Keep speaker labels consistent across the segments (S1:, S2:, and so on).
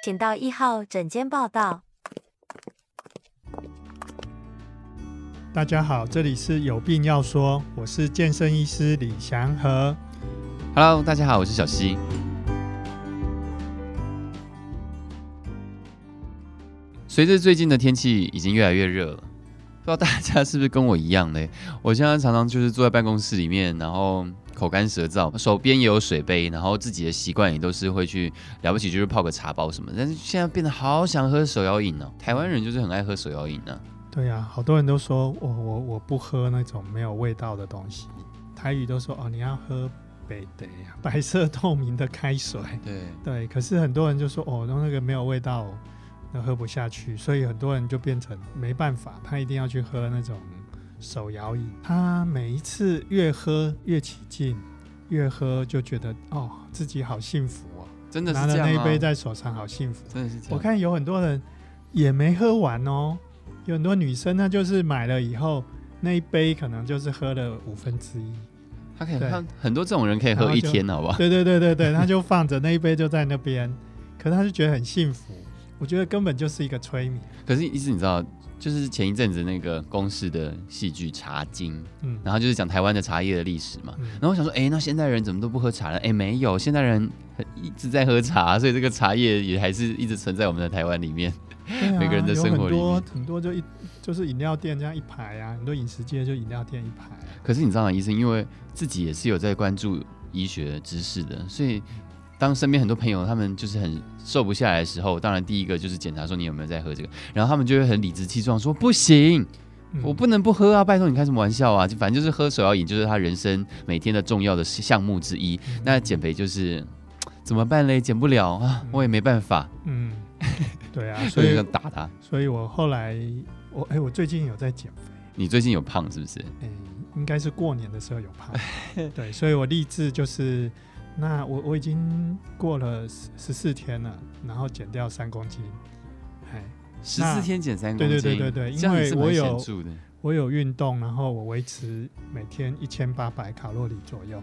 S1: 請到一號診間，報到。大家好，這裡是有病要說，我是健身醫師李祥和。
S2: Hello，大家好，我是小奚。隨着最近的天氣已經越來越熱了，不知道大家是不是跟我一樣呢？我現在常常就是坐在辦公室裡面，然後。口乾舌燥，手邊也有水杯，然後自己的習慣也都是會去，了不起就是泡個茶包什麼的，但是現在變得好想喝手搖飲哦。台灣人就是很愛喝手搖飲呢、啊？對呀、啊，
S1: 好多人都說、哦、我我我不喝那種沒有味道的東西。台語都說哦，你要喝北白、啊、白色透明的開水。對對，可是很多人就說哦，那那個沒有味道，那喝不下去，所以很多人就變成沒辦法，他一定要去喝那種。手搖飲，他每一次越喝越起勁，越喝就覺得哦，自己好幸福哦，真的是拿着那一杯在手上好幸福，真的是這樣。我看有很多人也沒喝完哦，有很多女生她就是買了以後那一杯可能就是喝了五分之一，他可以看對很多這種人可以喝一天，好不好？對對對對對，他就放着那一杯就在那邊， 可是他就覺得很幸福。我覺得根本就是一個催眠，
S2: 可是意思你知道？就是前一陣子那個公視的戲劇《茶金》，嗯，然後就是講台灣的茶葉的歷史嘛。然後我想說，哎、欸，那現代人怎麼都不喝茶了？哎、欸，沒有，現代人很一直在喝茶，所以這個茶葉也還是一直存在我們的台灣裡面， 啊、每個人的生活裡面。很
S1: 多很多就一就是飲料店這樣一排啊，很多飲食街就飲料店一排，
S2: 啊。可是你知道嗎，醫生？因為自己也是有在關注醫學知識的，所以。當身邊很多朋友他們就是很瘦不下來的時候，當然第一個就是檢查說你有沒有在喝這個，然後他們就會很理直氣壯說：“不行，嗯、我不能不喝啊！拜託你開什麼玩笑啊！”反正就是喝手搖飲，就是他人生每天的重要的項目之一。嗯、那減肥就是怎麼辦嘞？減不了啊，嗯、我也沒辦法。嗯，對啊，所以就想打他。
S1: 所以我後來，我哎、欸，我最近有在減
S2: 肥。你最近有胖是不是？欸、
S1: 應該是過年的時候有胖。 對，所以我立志就是。那我我已經過了十四天了，然後減掉三公斤。哎，十四天減三公斤，對對對對對，因為我有我有運動，然後我維持每天一千八百卡路里左右，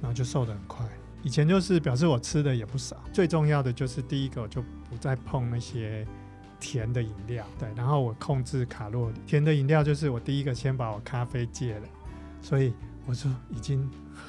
S1: 然後就瘦得很快。以前就是表示我吃的也不少。最重要的就是第一個就不再碰那些甜的飲料，對，然後我控制卡路里。甜的飲料就是我第一個先把我咖啡戒了，所以。我說已經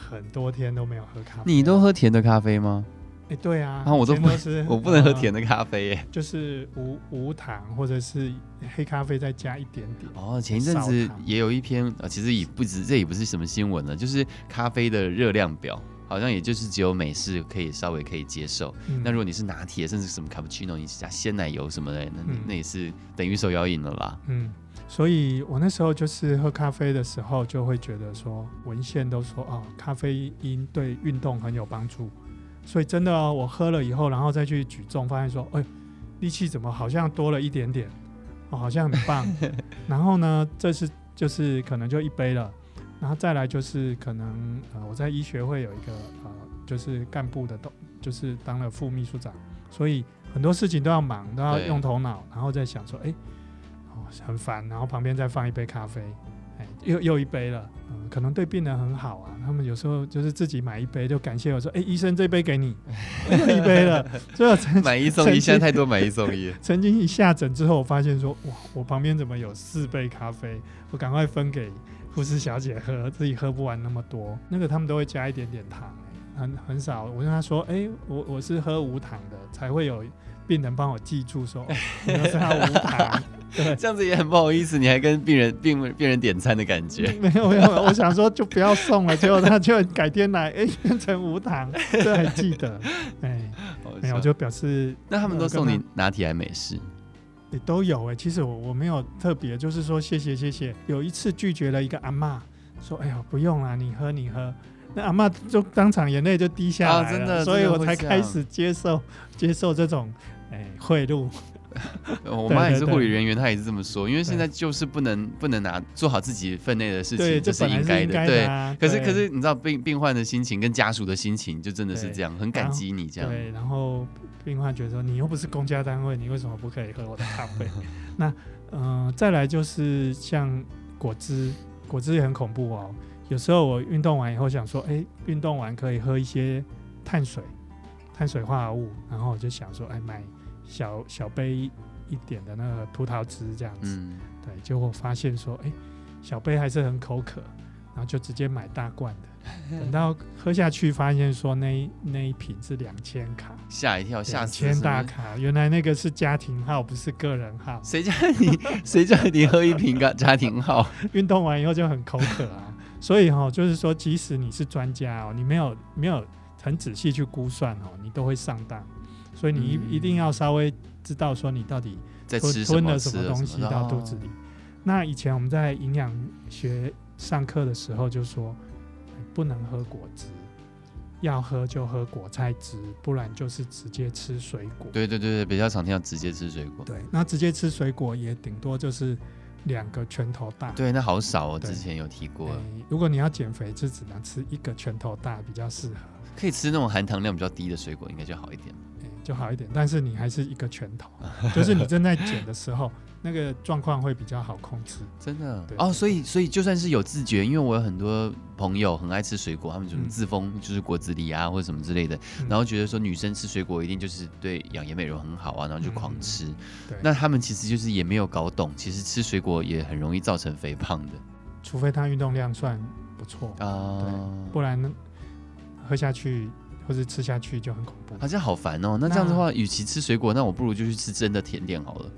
S1: 很多天都沒有喝咖啡。你
S2: 都喝甜的咖啡嗎？哎，欸，對啊，啊，都我都不，呃，我不能喝甜的咖
S1: 啡欸，就是無無糖或者是黑咖啡，再加一點點。哦，前一陣子
S2: 也有一篇，啊，其實也不止，這也不是什麼新聞了，就是咖啡的熱量表。好像也就是只有美式可以稍微可以接受。嗯、那如果你是拿鐵，甚至什麼卡布奇諾，你加鮮奶油什麼的，那、嗯、那也是等於手搖飲了啦。嗯，
S1: 所以我那時候就是喝咖啡的時候，就會覺得說，文獻都說哦，咖啡因對運動很有幫助。所以真的、哦，我喝了以後，然後再去舉重，發現說，哎、欸，力氣怎麼好像多了一點點，哦，好像很棒。 然後呢，這是就是可能就一杯了。然後再來就是可能呃我在醫學會有一個呃就是幹部的都就是當了副秘書長，所以很多事情都要忙都要用頭腦，對然後再想說哎、哦，很煩，然後旁邊再放一杯咖啡，誒又又一杯了、呃，可能對病人很好啊。他們有時候就是自己買一杯就感謝我說哎醫生這杯給你，一杯了，所以 買一送一現在經太多買一送一了，曾經一下診之後我發現說哇我旁邊怎麼有四杯咖啡，我趕快分給。護士小姐喝自己喝不完那麼多，那個他們都會加一點點糖，欸，很很少。我跟他說：“哎、欸，我我是喝無糖的，才會有病人幫我記住說， 你是他無糖。”這樣子也很不好意
S2: 思，你還跟病人病病人點餐的感覺。
S1: 沒有沒有，我想說就不要送了， 結果他就改天來，哎、欸，變成無糖，這還記得，哎、欸像欸，我就就表示
S2: 那他們都送你拿鐵還是美式？
S1: 也、欸、都有，哎、欸，其實我我沒有特別，就是說謝謝謝謝。有一次拒絕了一個阿嬤，說：“哎呦，不用了，啊，你喝你喝。”那阿嬤就當場眼淚就滴下來了，啊、所以我才開始接受接受這種哎賄賂。欸 我媽也是護理人
S2: 員，對對對對她也是這麼說。因為現在就是不能對 不能拿做好自己分內的事情，這對是應該的。的對，對對可是可是你知道病病患的心情跟家屬的心情，就真的是這樣，對很感激你這樣。對，
S1: 然後病患覺得說，你又不是公家單位，你為什麼不可以喝我的咖啡？ 那嗯、呃，再來就是像果汁，果汁也很恐怖哦。有時候我運動完以後想說，哎、欸，運動完可以喝一些碳水、碳水化合物，然後我就想說，哎，買。小小杯一點的那個葡萄汁這樣子，嗯、對，結果發現說，哎、欸，小杯還是很口渴，然後就直接買大罐的，等到喝下去發現說，那，那那一瓶是兩千卡，嚇一跳，嚇，兩千大卡，原來那個是家庭號，不是個人號，誰叫你誰叫 你喝
S2: 一瓶個家庭號？
S1: 運 動完以後就很口渴啊，所以哈、哦，就是說，即使你是專家哦，你沒有沒有很仔細去估算哦，你都會上當。所以你一一定要稍微知道說你到底在吞，吞了什麼東西到肚子裡。哦、那以前我們在營養學上課的時候就說，不能喝果汁，要喝就喝果菜汁，不然就是直接吃水
S2: 果。對對對對，比較常聽到直接吃水果。對，
S1: 那直接吃水果也頂多就是兩個拳頭大。對，那好
S2: 少哦。對之前有提過、欸，
S1: 如果你要減肥，就只能吃一個拳頭大比較適合。
S2: 可以吃那種含糖量比較低的水果，應該就好一點。
S1: 就好一點，但是你還是一個拳頭， 就是你正在減的時候，那個狀況會比較好控制。真的對對對
S2: 哦，所以所以就算是有自覺，因為我有很多朋友很愛吃水果，他們就是自封就是果子狸啊，嗯、或者什麼之類的，然後覺得說女生吃水果一定就是對養顏美容很好啊，然後就狂吃。嗯、那他們其實就是也沒有搞懂，其實吃水果也很容易造成肥胖的，
S1: 除非他運動量算不錯啊，哦，不然喝下去。或是吃下去就很恐
S2: 怖，啊、好像好煩哦。那這樣的話，與那其吃水果，那我不如就去吃真的甜點好了。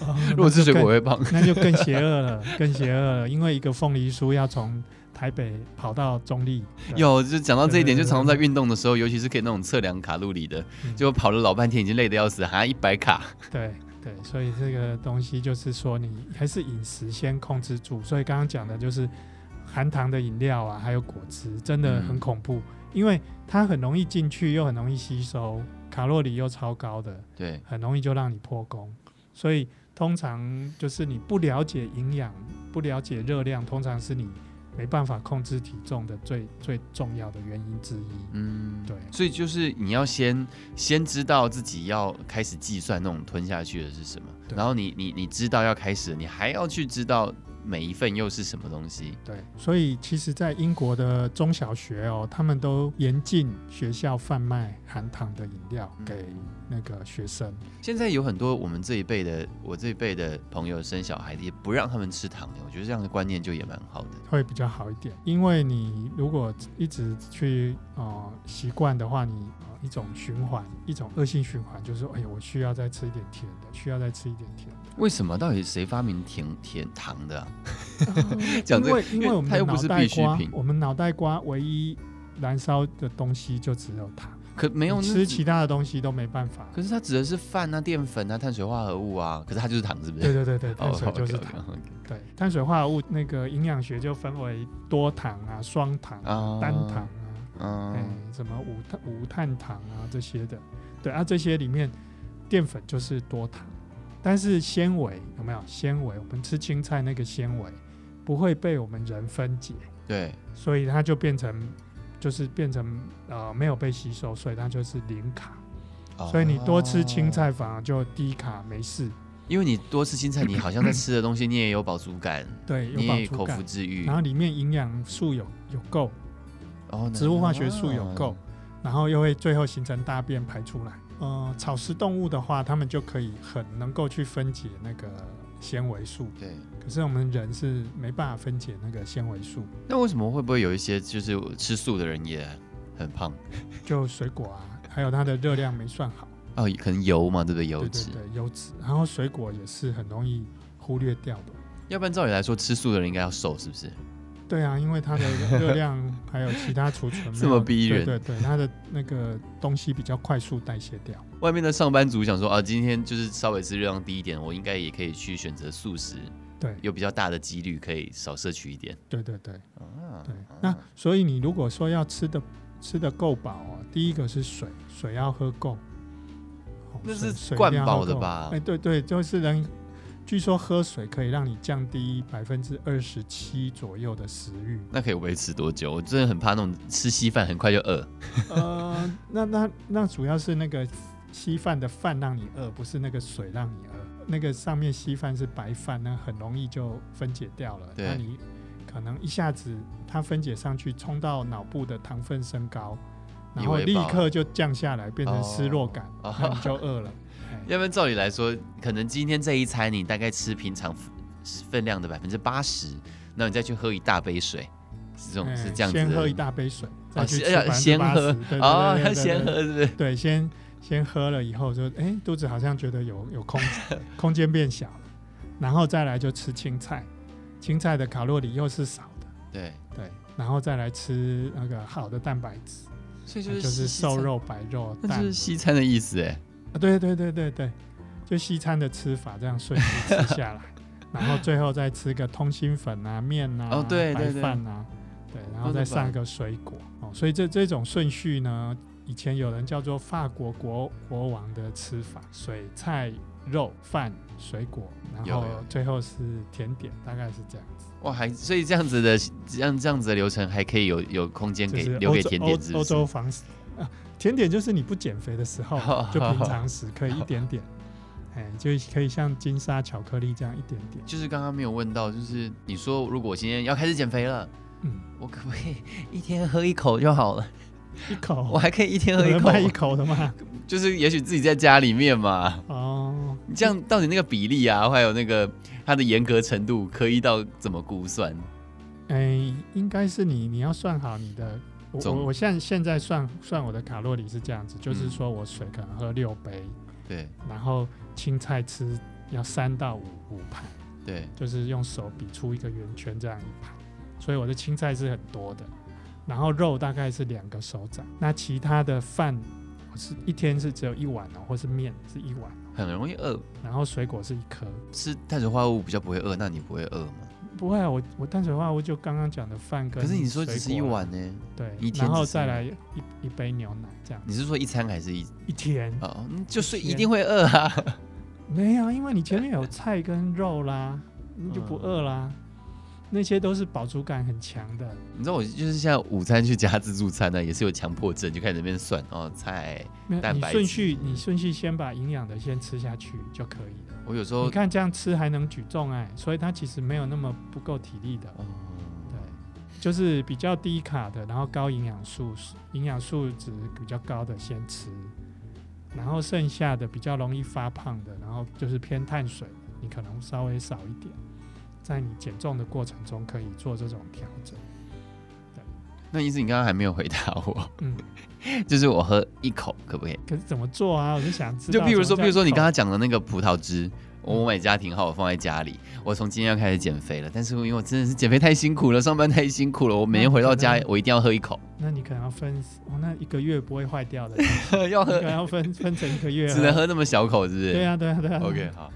S2: 哦、 如果吃水果會胖，那就更邪
S1: 惡了， 更邪惡了。因為一個鳳梨酥要從台北跑到中壢，有就講到這一點，對對對對，就常常在
S2: 運動的時候，尤其是可以那種測量卡路里的，結果、嗯、跑了老半天，已經累得要死，還要一百卡。
S1: 對對，所以這個東西就是說，你還是飲食先控制住。所以剛剛講的就是含糖的飲料啊，還有果汁，真的很恐怖。嗯因為它很容易進去，又很容易吸收，卡路里又超高的，對，很容易就讓你破功。所以通常就是你不了解營養，不了解熱量，通常是你沒辦法控制體重的最最重要的原因之一。嗯，
S2: 對。所以就是你要先先知道自己要開始計算那種吞下去的是什麼，對。然後你你你知道要開始，你還要去知道。每一份又是什麼東西？
S1: 對，所以其實，在英國的中小學哦，他們都嚴禁學校販賣含糖的飲料給那個學生。嗯、
S2: 現在有很多我們這一輩的，我這一輩的朋友生小孩也不讓他們吃糖的，我覺得這樣的觀念就也蠻好的，
S1: 會比較好一點。因為你如果一直去啊、呃、習慣的話，你。一種循環，一種惡性循環，就是說，哎，我需要再吃一點甜的，需要再吃一點甜
S2: 的。為什麼？到底誰發明甜甜糖的？因為因為我們腦袋瓜，
S1: 我們腦袋瓜唯一燃燒的東西就只有糖，可沒有、那個、吃其他的東西都沒辦法。可是它
S2: 指的是飯啊、澱粉啊、碳水化合物啊，可是它就是糖，是不是？對對對對，碳水就是糖。Oh, okay,
S1: okay, okay. 對，碳水化合物那個營養學就分為多糖啊、雙糖啊、啊單糖。嗯、oh.，什麼五碳五碳糖啊這些的，對啊，這些裡面澱粉就是多糖，但是纖維，有沒有纖維？我們吃青菜那個纖維不會被我們人分解，對，所以它就變成就是變成呃沒有被吸收，所以它就是零卡。Oh. 所以你多吃青菜反而就低卡沒事，
S2: 因為你多吃青菜，你好像在吃的東西你也有飽足感，對， 你也有飽足感，你也有口腹之欲，然後裡
S1: 面營養素有有夠。Oh, 植物化學素有夠，哦、然後又會最後形成大便排出來。呃，草食動物的話，它們就可以很能夠去分解那個纖維素。對，可是我們人是沒辦法分解那個纖維素。
S2: 那為什麼會不會有一些就是吃素的人也很胖？
S1: 就水果啊，還有它的熱量沒算好。
S2: 哦，可能油嘛，對不對？油脂。
S1: 對對對，油脂。然後水果也是很容易忽略掉的。要
S2: 不然照理來說，吃素的人應該要瘦，是不是？
S1: 對啊，因為它的熱量還有其他儲存， 這麼逼人。對對對，它的那個東西比較快速代謝掉。
S2: 外面的上班族想說啊，今天就是稍微是熱量低一點，我應該也可以去選擇素食，對，有比較大的幾率可以少攝取一點。
S1: 對對對，啊，對。那所以你如果說要吃的吃的夠飽啊、哦，第一個是水，水要喝夠。
S2: 哦、那是水灌飽的吧？哎，
S1: 對對，就是人。據說喝水可以讓你降低百分之二十七左右的食慾，
S2: 那可以維持多久？我真的很怕那種吃稀
S1: 飯很快就餓。 呃，那那那主要是那個稀飯的飯讓你餓，不是那個水讓你餓。那個上面稀飯是白飯，那很容易就分解掉了。對。那你可能一下子它分解上去，衝到腦部的糖分升高，然後立刻就降下來，變成失落感，哦、那你就餓了。
S2: 要不然照理來說，可能今天這一餐你大概吃平常分量的百分之八十，那你再去喝一大杯水，是這種、欸、是這樣子。先喝一大杯水，先喝哦，先喝
S1: 對，先先喝了以後就哎、欸、肚子好像覺得有有空 空間變小了，然後再來就吃青菜，青菜的卡路里又是少的，對對，然後再來吃那個好的蛋白質，所以就是瘦肉白肉，那就是西餐的意思哎、欸。啊，對對對對對，就西餐的吃法這樣順序吃下來， 然後最後再吃個通心粉啊、麵啊、哦、對對對白飯啊，對，對對然後再上個水果哦，所以這這種順序呢，以前有人叫做法國國國王的吃法，水菜肉飯水果，然後最後是甜點，有有大概是這樣
S2: 子。哇，還所以這樣子的這樣這樣子的流程還可以有有空間給留給甜點是是，歐
S1: 洲房甜點就是你不減肥的時候，好就平常時可以一點點，哎、欸，就可以像金沙巧克力這樣一點點。
S2: 就是剛剛沒有問到，就是你說如果我今天要開始減肥了，嗯，我可不可以一
S1: 天喝一口
S2: 就好了？一口，我還可以一天喝一口，一口的嗎？就是也許自己在家裡面嘛，
S1: 哦，
S2: 你這樣到底那個比例啊，還有那個它的嚴格程度，可以到怎麼估算？
S1: 哎、欸，應該是你你要算好你的。我我現現在算算我的卡路里是這樣子，嗯、就是說我水可能喝六杯，對，然後青菜吃要三到五五盤，對，就是用手比出一個圓圈這樣一盤，所以我的青菜是很多的，然後肉大概是兩個手掌，那其他的飯我是一天是只有一碗哦，或是麵是一碗，
S2: 哦，很容易餓，然後水果是一顆，是碳水化合物比較不會餓，那你不會餓
S1: 嗎？不會、啊，我我單純的話，我就剛剛講的飯跟。可是你說只是一碗呢？對，一天然後再來一一杯牛奶這樣。
S2: 你是說一餐還是一
S1: 一天？哦，就是一，天一定會餓啊。沒有，因為你前面有菜跟肉啦， 你就不餓啦。那些都是飽足感很強的。
S2: 你知道我就是像午餐去加自助餐呢、啊，也是有強迫症，就開始那邊算哦菜。沒有，你順序，
S1: 你順序先把營養的先吃下去就可以。有時候你看這樣吃還能舉重哎，所以它其實沒有那麼不夠體力的。哦、對，就是比較低卡的，然後高營養素、營養素值比較高的先吃，然後剩下的比較容易發胖的，然後就是偏碳水，你可能稍微少一點，在你減重的過程中可以做這種調整。
S2: 那意思你剛剛還沒有回答我，嗯， 就是我喝一口可不可以？
S1: 可是怎麼做啊？我就想吃。就比如說，比如說你剛剛
S2: 講的那個葡萄汁。嗯、我買家庭號，好，我放在家裡。我從今天要開始減肥了，但是因為我真的是減肥太辛苦了，上班太辛苦了。我每天回到家，我一定要喝一口。
S1: 那你可能要分，我、哦、那一個月不會壞掉的。 要喝，可能要分分成一個月，只能喝那麼小口，是不是？對啊，對啊，對啊，對啊，對啊。OK，好。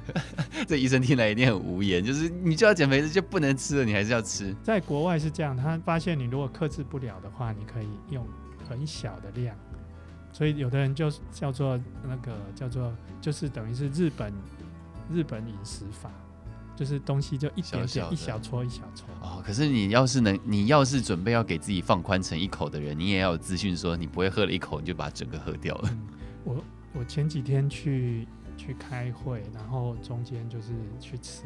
S2: 這醫生聽來一定很無言，就是你就要減肥，就就不能吃了，你還是要吃。
S1: 在國外是這樣，他發現你如果克制不了的話，你可以用很小的量。所以有的人就叫做那個叫做就是等於是日本。日本飲食法就是東西就一點點，小小一小撮一小撮，哦。可
S2: 是你要是能，你要是準備要給自己放寬成一口的人，你也要有資訊說你不會喝了一口你就把整個喝掉了。嗯、
S1: 我我前幾天去去開會，然後中間就是去吃，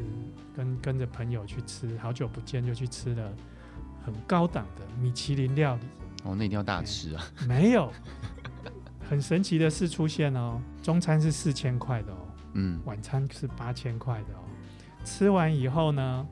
S1: 跟跟着朋友去吃，好久不見就去吃了很高檔的米其林料理
S2: 哦。那一定要大吃啊？嗯、
S1: 沒有， 很神奇的事出現哦。中餐是四千塊的哦。嗯，晚餐是八千塊的哦。吃完以後呢，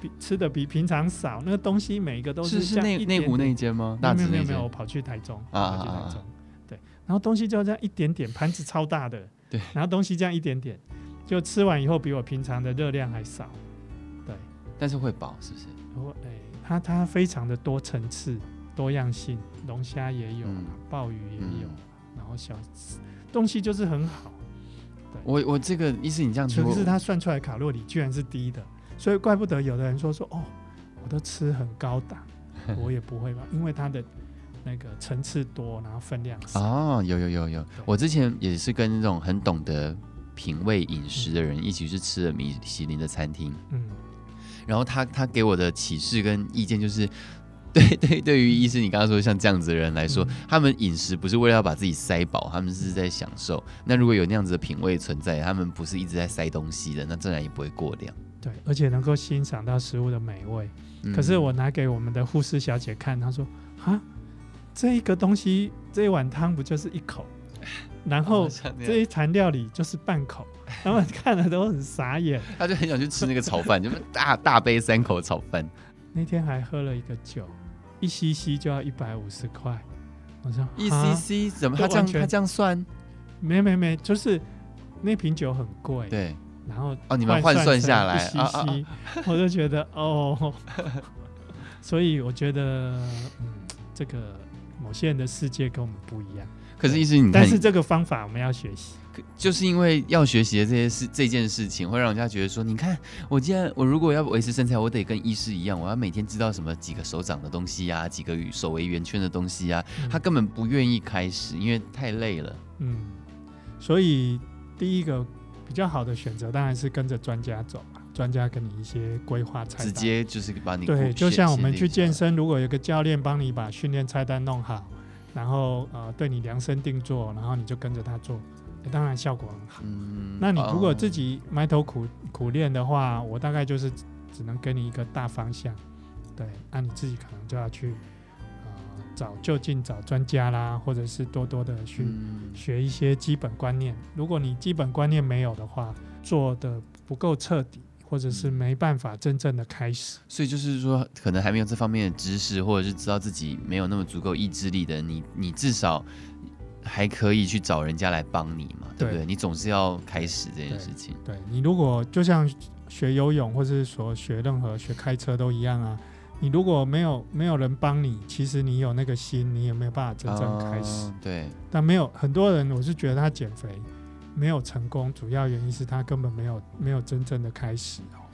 S1: 比吃的比平常少。那個東西每一個都是像那那屋那間嗎？那一沒有沒有沒有，我跑去台中，啊、跑去台中，啊、對。然後東西就這樣一點點，盤子超大的，對。然後東西這樣一點點，就吃完以後比我平常的熱量還少，嗯、對。但是會飽是不是？不會、欸，它它非常的多層次多樣性，龍蝦也有、啊，嗯、鮑魚也有、啊，然後小吃東西就是很好。
S2: 對我我這個意思，你這樣子，可是他
S1: 算出來的卡路里居然是低的，所以怪不得有的人說說哦，我都吃很高檔，我也不會吧， 因為它的那個層次多，然後分量
S2: 少。啊、哦，有有有有，對我之前也是跟那種很懂得品味飲食的人一起去吃了米其林的餐廳，嗯，然後他他給我的啟示跟意見就是。對，對對，對於醫生，你剛剛說像這樣子的人來說，嗯、他們飲食不是為了要把自己塞飽，他們是在享受。那、嗯、如果有那樣子的品味存在，他們不是一直在塞東西的，那自然也不會過量。
S1: 對，而且能夠欣賞到食物的美味。嗯、可是我拿給我們的護士小姐看，她說：“啊，這一個東西，這一碗湯不就是一口？然後、哦、這，這一盤料理就是半口， 他們看了都很傻眼。”
S2: 他就很想去吃那個炒飯， 就是大大杯三口炒飯。
S1: 那天還喝了一個酒，一 cc 就要一百五十塊。我說一 cc 怎麼他這樣他這樣算？沒沒沒，就是那瓶酒很貴。對，然後哦，你們換算下來，一 cc，我就覺得哦， 所以我覺得嗯，這個某些人的世界跟我們不一樣。可是醫師你，你，但是這個方法我們要學習。就是
S2: 因為要學習的這些事，這件事情會讓人家覺得說：“你看，我既然我如果要維持身材，我得跟醫師一樣，我要每天知道什麼幾個手掌的東西呀、啊，幾個手圍圓圈的東西啊。嗯”，他根本不願意開始，因為太累了。
S1: 嗯，所以第一個比較好的選擇當然是跟着專家走，專家給你一些規劃菜單，直接就是把你對，就像我們去健身，如果有個教練幫你把訓練菜單弄好，然後呃，對你量身定做，然後你就跟着他做。當然效果很好。嗯，那你如果自己埋頭苦、哦、苦練的話，我大概就是只能給你一個大方向。對，那、啊、你自己可能就要去、呃、找就近找專家啦，或者是多多的去學一些基本觀念。嗯、如果你基本觀念沒有的話，做得不夠徹底，或者是沒辦法真正的開始。
S2: 所以就是說，可能還沒有這方面的知識，或者是知道自己沒有那麼足夠意志力的你，你至少。還可以去找人家來幫你嘛，對不對？對你總是要開始這件事情。對，
S1: 對你如果就像學游泳，或是說學任何學開車都一樣啊，你如果沒有沒有人幫你，其實你有那個心，你也沒有辦法真正開始。呃、對，但沒有很多人，我是覺得他減肥沒有成功，主要原因是他根本沒有沒有真正的開始哦。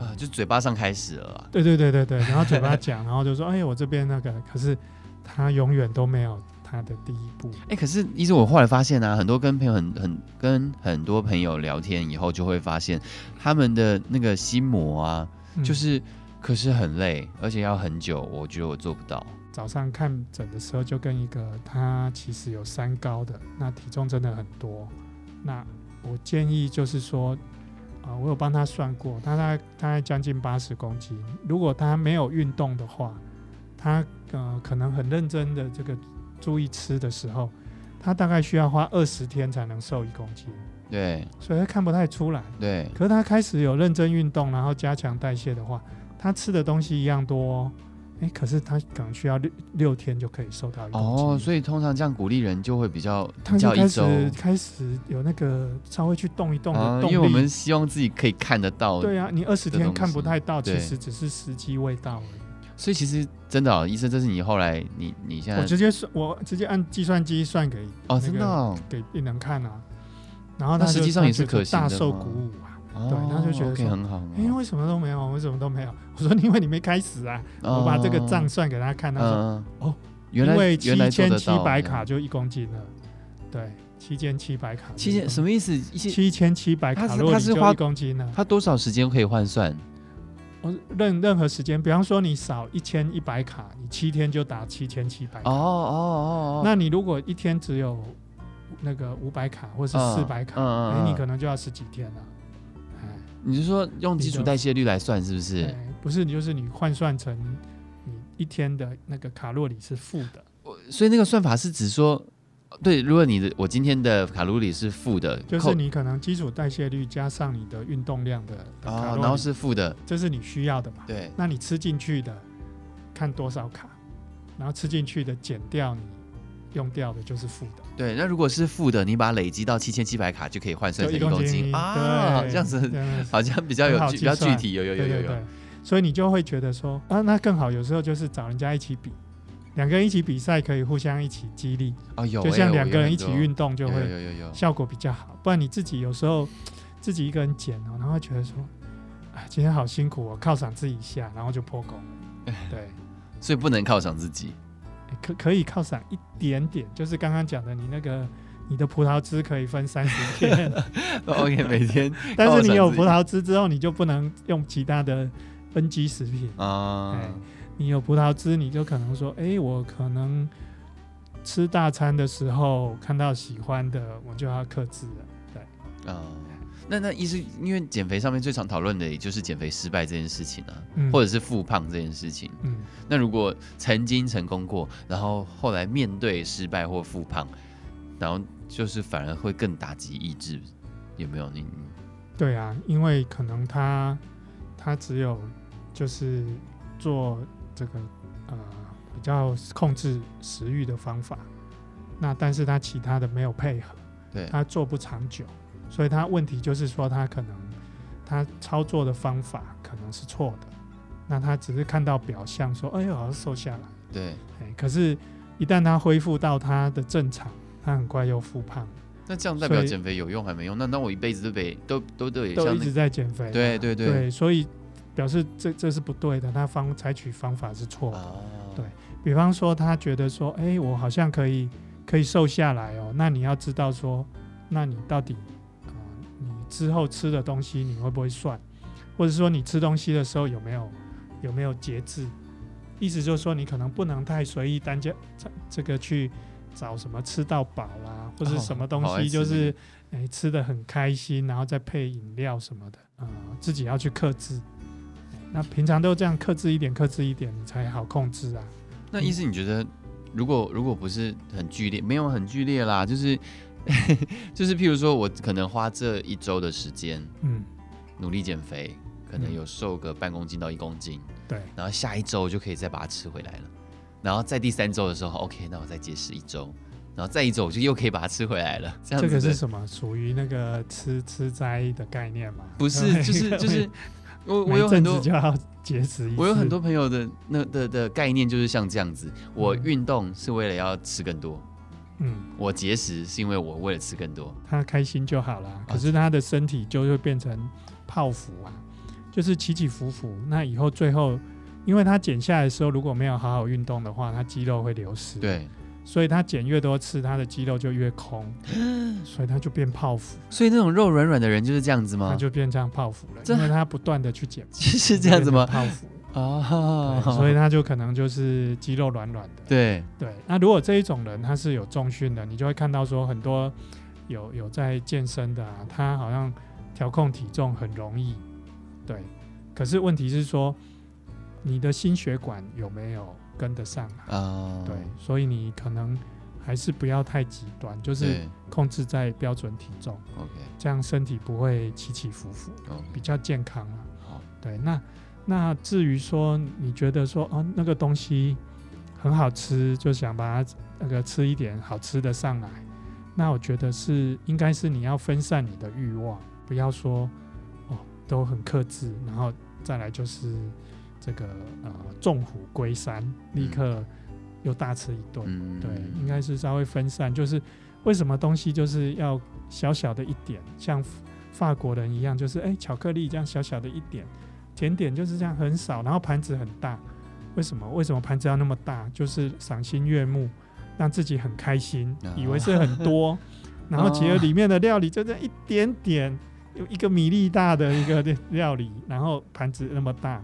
S1: 啊、嗯，就嘴巴上
S2: 開始了、啊。
S1: 對對對對對，然後嘴巴講， 然後就說：“哎我這邊那個。”可是他永遠都沒有。他的第一步，
S2: 哎、欸，可是其實我後來發現呢、啊，很多跟朋友很很跟很多朋友聊天以後，就會發現他們的那個心魔啊，就是、嗯、可是很累，而且要很久，我覺得我做不到。
S1: 早上看診的時候，就跟一個他其實有三高的，那體重真的很多。那我建議就是說，啊、呃，我有幫他算過，他大概大概將近八十公斤，如果他沒有運動的話，他呃可能很認真的這個，注意吃的時候，他大概需要花二十天才能瘦一公斤。對，所以他看不太出來。對，可是他開始有認真運動，然後加強代謝的話，他吃的東西一樣多，哦。哎、欸，可是他可能需要六六天就可以瘦到一公
S2: 斤。哦，所以通常這樣鼓勵人就會比較，比較一週他就開
S1: 始開始有那個稍微去動一動的動力、啊、因為我們
S2: 希望自己可以看得到。對啊，你二十天看不太到，對其實
S1: 只是時機未到。
S2: 所以其實真的哦，醫生，這是你後來你你現在我直
S1: 接算，我直接按計算機算給、那個、哦，真的、哦、給病人看啊。然後他實際上也是可大受鼓舞啊，哦、對，他就覺得說、哦、okay, 很好，因、欸、為,為什麼都沒有，我什麼都沒有。我說，因為你沒開始啊，嗯、我把這個賬算給他看。他說、嗯、哦，原來原來七千七百卡就一公斤了，對，七千七百卡，七千什麼意思？七千七百卡，它是它是花一公斤呢？
S2: 它多少時間可以換算？
S1: 任任何時間，比方說你少一千一百卡，你七天就打七千七百卡，哦哦哦哦。那你如果一天只有那個五百卡、卡，或者是四百卡，那、嗯嗯欸、你可能就要十幾天了。哎、
S2: 嗯，你是說用基礎代謝率來算，是不是？
S1: 不是，你就是你換算成你一天的那個卡路里是負的。
S2: 所以那個算法是指說。對，如果你的我今天的卡路里是負的，就是
S1: 你可能基礎代謝率加上你的運動量的、哦、然後是負的，這是你需要的嘛？對。那你吃進去的看多少卡，然後吃進去的減掉你用掉的，就是負的。
S2: 對，那如果是負的，你把累積到七千七百卡就可以換算成一公斤，一公斤啊，對這樣子好像比較有比較具體，有有有有有。
S1: 所以你就會覺得說啊，那更好。有時候就是找人家一起比。兩個人一起比賽，可以互相一起激勵、啊、有就像兩個人一起運動就會有有有效果比較好，不然你自己有時候自己一個人減然後會覺得說，今天好辛苦哦，犒賞自己一下，然後就破功對，
S2: 所以不能犒賞自己，
S1: 可、欸、可以犒賞一點點，就是剛剛講的，你那個你的葡萄汁可以分三十天，ok 每天，但是你有葡萄汁之後，你就不能用其他的 NG 食品啊。你有葡萄汁，你就可能說：“哎，我可能吃大餐的時候看到喜歡的，我就要克制了。”對，嗯、
S2: 呃，那那意思，因為減肥上面最常討論的，也就是減肥失敗這件事情啊，嗯、或者是復胖這件事情。嗯，那如果曾經成功過，然後後來面對失敗或復胖，然後就是反而會更打擊意志，有沒有？你
S1: 對啊，因為可能他他只有就是做。這個呃比較控制食欲的方法，那但是他其他的沒有配合，對，他做不長久，所以他問題就是說他可能他操作的方法可能是錯的，那他只是看到表象說哎呦，好像瘦下來，對，欸，可是，一旦他恢復到他的正常，他很快又復胖，那這樣代表減
S2: 肥有用還沒用？那那我一輩子都得都都得都一直在減肥啊，對對對，對，所
S1: 以。表示這這是不對的，他方採取方法是錯的。哦、對比方說，他覺得說，誒、欸，我好像可以可以瘦下來哦。那你要知道說，那你到底啊、呃，你之後吃的東西你會不會算，或者說你吃東西的時候有沒有有沒有節制？意思就是說，你可能不能太隨意單，單加這這個去找什麼吃到飽啦、啊，或者什麼東西就是誒、哦欸，吃的很開心，然後再配飲料什麼的啊、呃，自己要去克制。那平常都這樣克制一點，克制一點，你才好控制啊。那意思
S2: 你覺得，如果如果不是很劇烈，沒有很劇烈啦，就是 就是，譬如說我可能花這一周的時間，嗯，努力減肥，可能有瘦個半公斤到一公斤，對、嗯。然後下一周就可以再把它吃回來了。對然後在第三周的時候，OK，那我再節食一周，然後再一周我就又可以把它吃回來了。這樣子，這個是什
S1: 麼？屬於那個吃吃齋的概念嗎？不是，就是就是。我我有很多就要節食一，我有很多
S2: 朋友的那的的概念就是像這樣子，嗯，我運動是為了要吃更多，嗯，我節食是因為我為了吃更多，
S1: 他開心就好啦，可是他的身體就會變成泡芙啊，啊就是起起伏伏，那以後最後，因為他減下來的時候如果沒有好好運動的話，他肌肉會流失，對。所以他減越多次，他的肌肉就越空，所以他就變泡芙。所以
S2: 那種肉軟軟的人就是這樣子嗎？他就
S1: 變這樣泡芙了，這因為他不斷的去減，其實是這樣子嗎？泡芙。所以他就可能就是肌肉軟軟的。對對，那如果這一種人他是有重訓的，你就會看到說很多有有在健身的啊，他好像調控體重很容易。對，可是問題是說，你的心血管有沒有？跟得上啊，uh、對，所以你可能還是不要太極端，就是控制在標準體重，OK，Yeah. 這樣身體不會起起伏伏，Okay. 比較健康、啊、Okay. 對，那那至於說你覺得說啊、哦，那個東西很好吃，就想把它那個吃一點好吃的上來，那我覺得是應該是你要分散你的慾望，不要說哦都很克制，然後再來就是。這個呃，縱虎歸山，立刻又大吃一頓。嗯、對，應該是稍微分散。就是為什麼東西就是要小小的一點，像法國人一樣，就是誒、欸，巧克力這樣小小的一點甜點就是這樣很少，然後盤子很大。為什麼？為什麼盤子要那麼大？就是賞心悅目，讓自己很開心，以為是很多，啊、然後結合裡面的料理，就這樣一點點，啊、有一個米粒大的一個料理，然後盤子那麼大。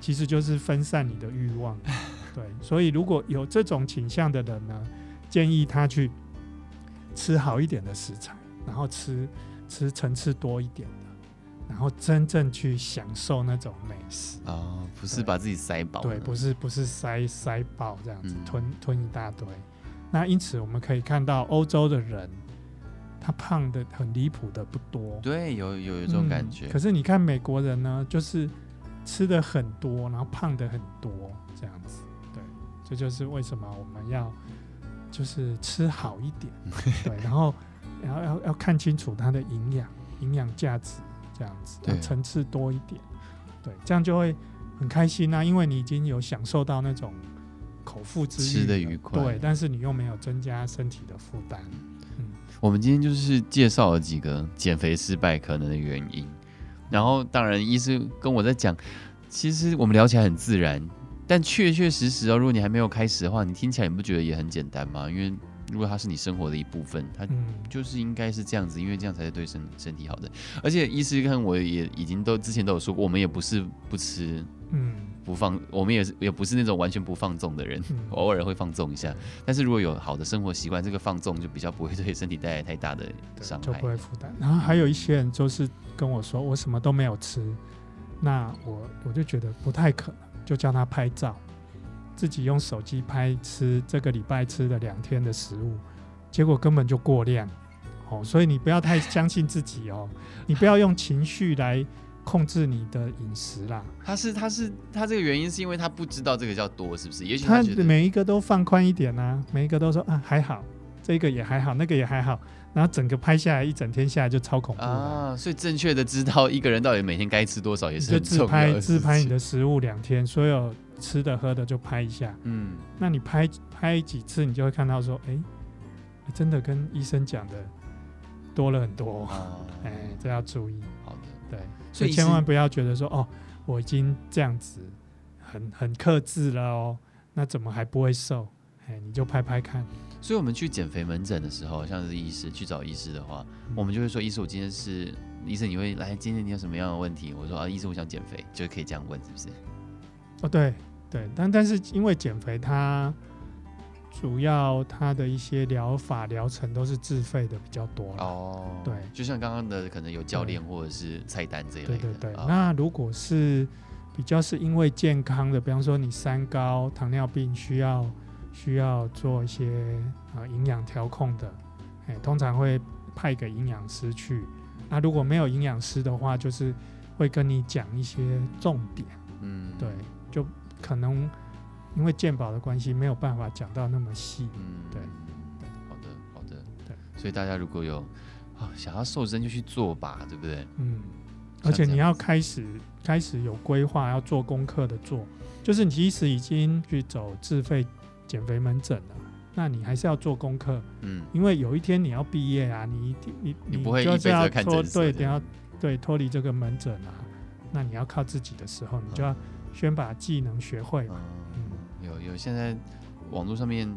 S1: 其實就是分散你的慾望，對。所以如果有這種傾向的人呢，建議他去吃好一點的食材，然後吃吃層次多一點的，然後真正去享受那種美食
S2: 哦，不是把自己塞飽，對，不是
S1: 不是塞塞爆這樣子吞吞一大堆。嗯、那因此我們可以看到歐洲的人，他胖得很離譜的不多，對，有有一種感覺、嗯。可是你看美國人呢，就是。吃的很多，然後胖的很多，這樣子，對，這就是為什麼我們要就是吃好一點， 對，然後然後要要看清楚它的營養營養價值，這樣子層次多一點，對，對，這樣就會很開心啊，因為你已經有享受到那種口腹之欲，吃的愉快，對，但是你又沒有增加身體的負擔。
S2: 嗯，我們今天就是介紹了幾個減肥失敗可能的原因。然後，當然，醫師跟我在講，其實我們聊起來很自然，但確確實實哦，如果你還沒有開始的話，你聽起來你不覺得也很簡單嗎？因為如果它是你生活的一部分，它就是應該是這樣子，因為這樣才是對身身體好的。而且醫師看我也已經都之前都有說過，我們也不是不吃，嗯。不放，我們也是也不是那種完全不放縱的人，嗯、偶爾會放縱一下。但是如果有好的生活習慣，這個放縱就比較不會對身體帶來太大的傷害，就不會
S1: 負擔。然後還有一些人就是跟我說，我什麼都沒有吃，那我我就覺得不太可能，就叫他拍照，自己用手機拍吃這個禮拜吃的兩天的食物，結果根本就過量。哦，所以你不要太相信自己哦， 你不要用情緒來。控制你的飲食啦，
S2: 他是他是他這個原因是因為他不知道這個叫多，是不是？也許他，他
S1: 每一個都放寬一點吶、啊，每一個都說啊還好，這個也還好，那個也還好，然後整個拍下來一整天下來就超恐怖啊，
S2: 啊！所以正確的知道一個人到底每天該吃多少也是很重要的，你就自拍自拍
S1: 你的食物兩天，所有吃的喝的就拍一下，嗯，那你拍拍幾次你就會看到說，哎，真的跟醫生講的多了很多，哎、哦，這要注意。對，所以千萬不要覺得說哦，我已經這樣子很很克制了哦，那怎麼還不會瘦？哎，你就拍拍看。
S2: 所以我們去減肥門診的時候，像是醫師去找醫師的話，嗯、我們就會說：“醫師，我今天是……”醫生，你會來？今天你有什麼樣的問題？我說：“啊，醫師，我想減肥，就可以這樣問，是不是？”
S1: 哦，對對，但但是因為減肥他……主要他的一些療法療程都是自費的比較多哦，對，就像剛剛的
S2: 可能有教練或者是菜單這一類的，對，對對對。哦、那
S1: 如果是比較是因為健康的，比方說你三高、糖尿病需要需要做一些啊營養調控的，哎，通常會派給營養師去。那如果沒有營養師的話，就是會跟你講一些重點，嗯，對，就可能。因為健保的關係，沒有辦法講到那麼細。嗯對，
S2: 對。好的，好的。對，所以大家如果有啊、哦、想要瘦身就去做吧，對不對？嗯。
S1: 而且你要開始開始有規劃，要做功課的做。就是你即使已經去走自費減肥門診了，那你還是要做功課。嗯。因為有一天你要畢業啊，你一定你你，你，就要要脫你不會一輩子看對，等要對，對脫離這個門診啊。那你要靠自己的時候，嗯、你就要先把技能學會。嘛、嗯。
S2: 有，現在網絡上面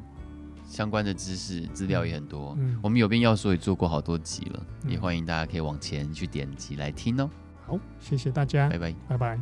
S2: 相關的知識資料也很多，嗯，我們有邊要說也做過好多集了，嗯，也歡迎大家可以往前去點擊來聽哦。
S1: 好，謝謝大家，拜拜，拜拜。